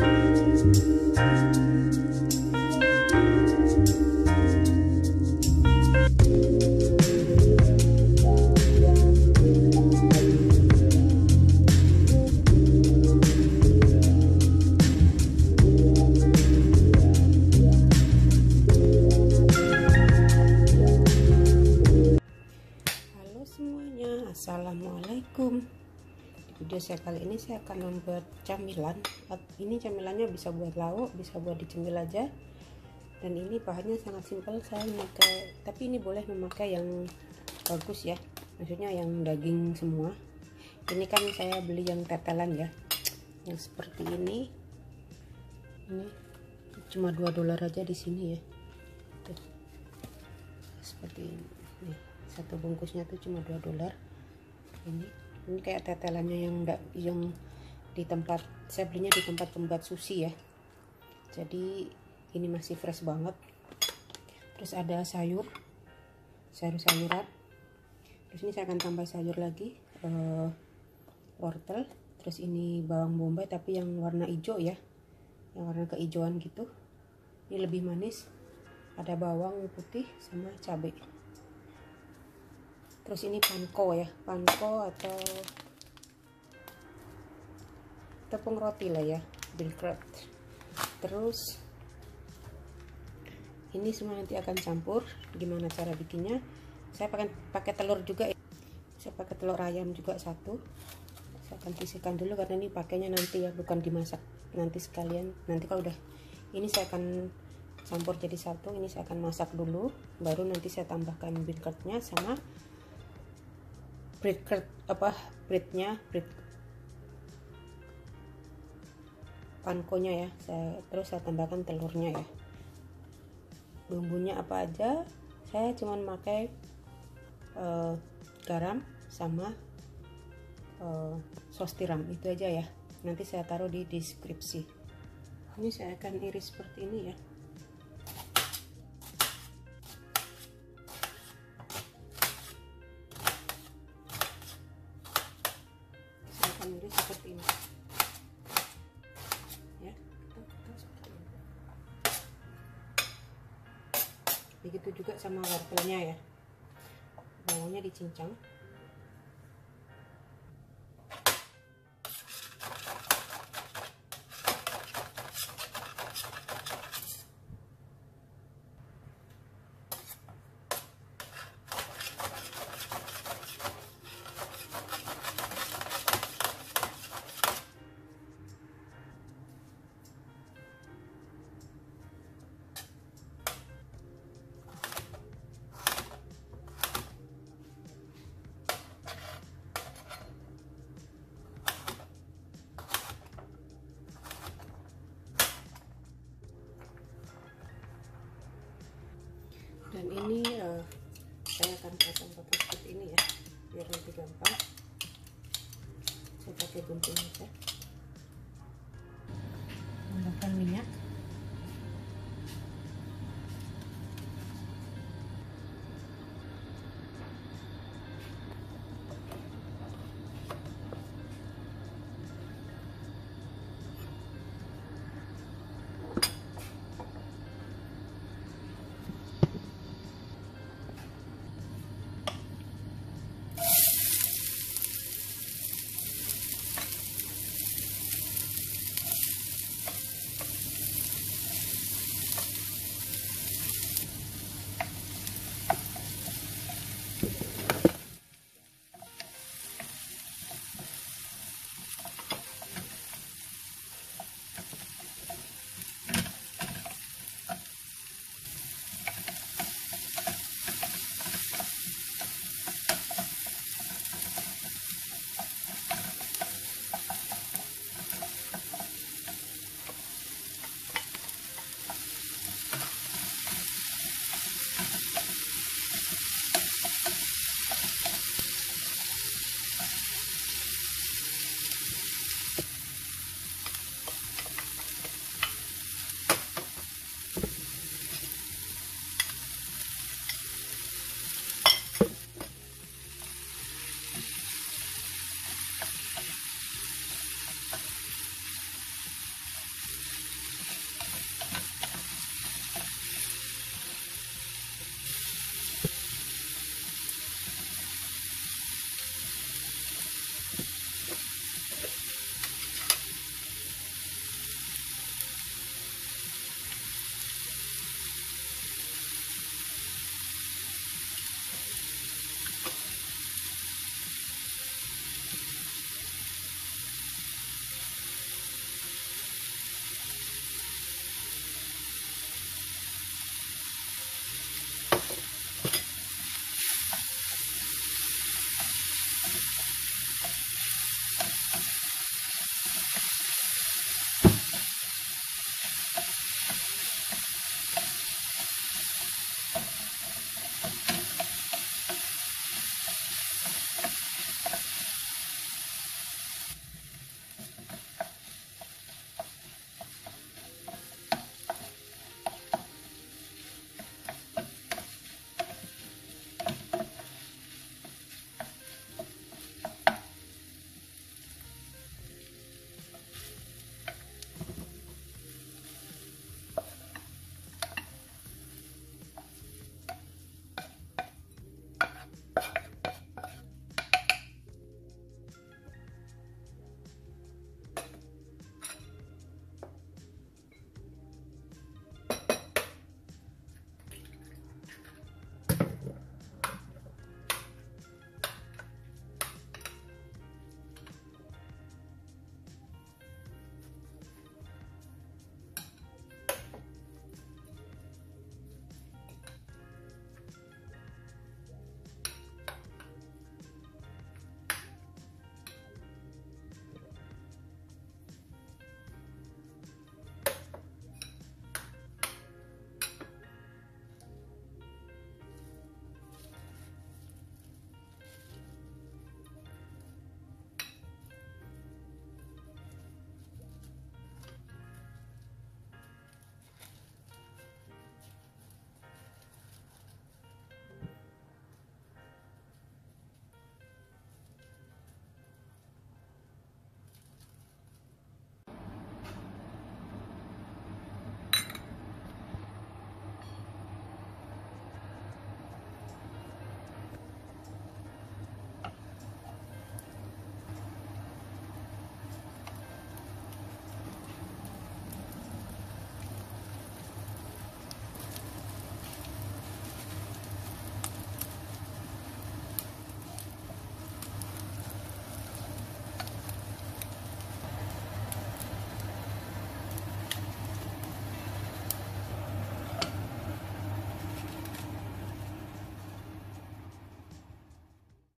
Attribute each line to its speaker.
Speaker 1: Thank you. saya kali ini saya akan membuat camilan ini camilannya bisa buat lauk bisa buat dicemil aja dan ini bahannya sangat simpel saya memakai tapi ini boleh memakai yang bagus ya maksudnya yang daging semua ini kan saya beli yang tetelan ya yang seperti ini ini cuma 2 dolar aja di sini ya tuh. seperti ini satu bungkusnya tuh cuma 2 dolar ini ini kayak tetelannya yang enggak yang di tempat saya belinya di tempat pembuat sushi ya jadi ini masih fresh banget terus ada sayur sayur-sayuran terus ini saya akan tambah sayur lagi uh, wortel terus ini bawang bombay tapi yang warna hijau ya yang warna keijauan gitu ini lebih manis ada bawang putih sama cabai terus ini panko ya panko atau tepung roti lah ya bread terus ini semua nanti akan campur gimana cara bikinnya saya pakai pakai telur juga ya. saya pakai telur ayam juga satu saya akan sisihkan dulu karena ini pakainya nanti ya bukan dimasak nanti sekalian nanti kalau udah ini saya akan campur jadi satu ini saya akan masak dulu baru nanti saya tambahkan binketnya sama precut apa pretnya pret pankonya ya saya terus saya tambahkan telurnya ya bumbunya apa aja saya cuman pakai uh, garam sama uh, sos tiram itu aja ya nanti saya taruh di deskripsi ini saya akan iris seperti ini ya begitu juga sama wortelnya ya bawangnya dicincang tanpa seperti ini ya biar lebih gampang saya pakai gunting ya tambahkan minyak